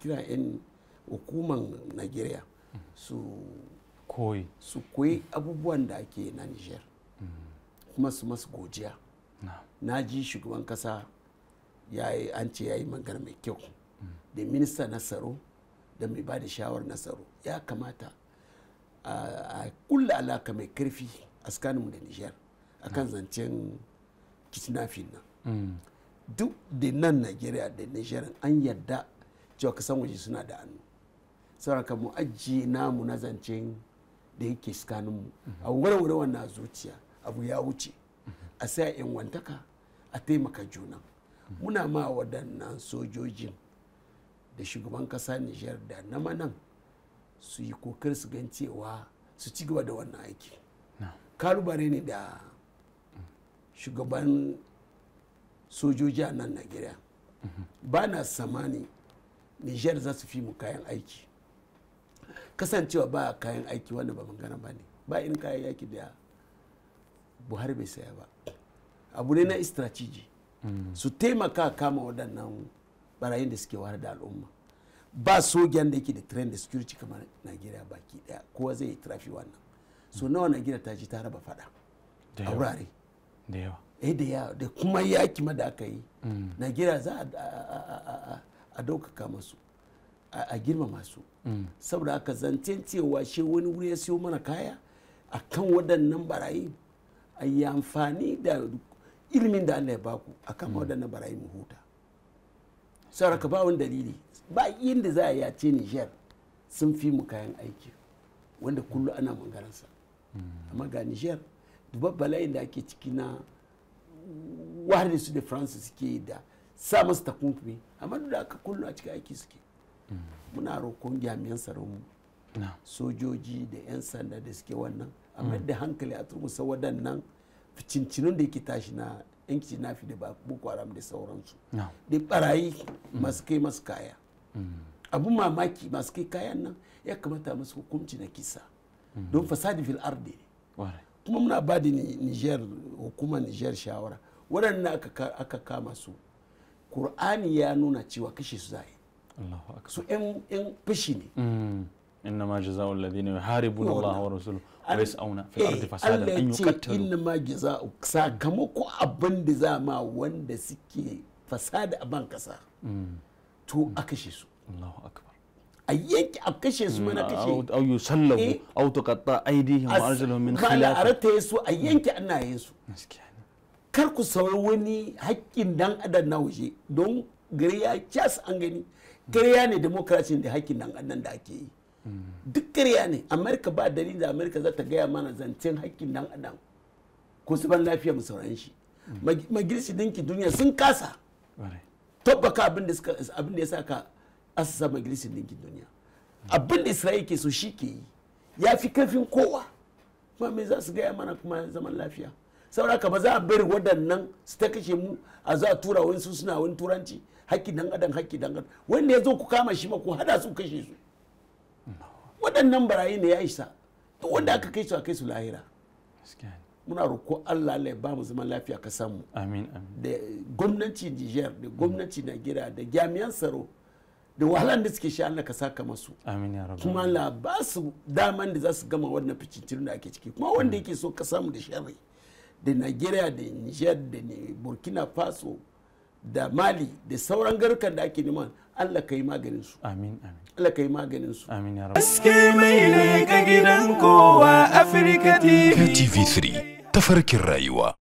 kira 'yan hukuman najeriya su koyi su koyi abubuwan da ake na niger kuma su masu gojiya na ji shugaban kasa ya yi an ce ya yi magana mai kyau da minista na tsaro da mai ba da shawar na tsaro ya kamata a kulla alaka mai karfi a tsakaninmu da niger kan zancen kidnapping nan mm. duk da nan nigeria da niger an yarda. cewa kasan waje suna da hannu saboda mu ajiye namu na zancen da yake tsakaninmu a warware wannan zuciya abu ya wuce a sai a wantaka a taimaka juna muna ma waɗannan sojojin da shugaban ƙasa nijar da na manan su yi kokar su gan cewa su ci gaba da wannan aiki kalubare ne da shugaban sojoji a nan nigeria mhm. ba na samani nijar za su fi mu kayan aiki kasancewa ba kayan aiki wanda ba magana ba ne ba irin kayan yaki da buhari bai saya ba abu ne na strategy mm. su taimaka kama waɗannan barayin da suke wahar da al'umma ba sojan da yake da tren da security kamar najeriya baki ɗaya kowa zai yi trafi wannan so nawa Najeriya ta ji ta raba fada a wurare eh, da yawa da kuma yaki ma da aka yi mm. nigeria za a a daukaka masu a girmama su mm. saboda aka zance cewa shi wani wuri ya siyo mana kaya a kan waɗannan barayi a yi amfani da ilimin da Allah ya baku a kan mm. waɗannan barayi mu huta ka ba wani dalili ba inda za a yi a ce Nijar sun fi mu kayan aiki wanda kullum ana mangaransa mm. amma ga Nijar dubban bala'in da ake ciki na wahalisu da faransa suke yi da sa musu takunkumi amma duk da aka kullu a cikin aiki suke muna roƙon jami'an mu sojoji da 'yan sanda da suke wannan amma da hankali a sa waɗannan cincinun da yake tashi na yanki na fi da boko haram da sauransu da barayi mm. masu kai masu kaya mm. abun mamaki masu kai kayan nan ya kamata masu hukunci na kisa mm. don fasadi fil ardi kuma muna ba da niger hukumar niger shawara waɗannan aka kama su Kur'ani ya nuna cewa kashe su za su yan fushi ne mm. inna ma jaza'u alladhina yuharibuna Allah wa rasuluhu wa yas'una fil ardi eh, fasadan an yuqtalu inna ma jaza'u sakamako abin da za ma wanda suke fasada a ban kasa mm. to a kashe su Allahu akbar a yanke a kashe su mana mm, kashe au yusallamu eh. au tuqatta aydihim wa arjuluhum min khilaf kala arata su a yanke yin su gaskiya kar ku wani haƙƙin dan adam na waje don gari ya cas an gani ƙarya ne demokrasi da haƙƙin dan adam da ake yi duk ƙarya ne amerika ba dalilin da amerika za ta gaya mana zancen haƙƙin dan adam ko su ban lafiya mu sauran shi majalisar dinki duniya sun kasa tabbaka abinda da abin ka ya saka asasa majalisar dinki duniya abin da ke so shi ke yi ya fi karfin kowa kuma me za su gaya mana kuma zaman lafiya saboda haka ba za a bari waɗannan su ta kashe mu a za a tura wani su suna wani turanci haƙƙi dan adam haƙƙi dan adam wanda ya zo ku kama shi ma ku hada su kashe su waɗannan barayi ne ya isa duk wanda aka kai su a kai su lahira muna roƙo Allah Allah ya ba mu zaman lafiya ka mu amin amin da gwamnati Niger da gwamnati Nigeria da jami'an tsaro da wahalan da suke sha Allah ka saka masu amin ya rabu kuma Allah ba su daman da za su gama wannan ficincirin da ake ciki kuma wanda yake so ka mu da sharri da nigeria da niger da burkina faso da mali da sauran garukan da ake neman allah ka yi maganin su amin amin allah ka yi maganin su amin ya rabu aske mai ne gidan kowa afirka tv3 tafarkin rayuwa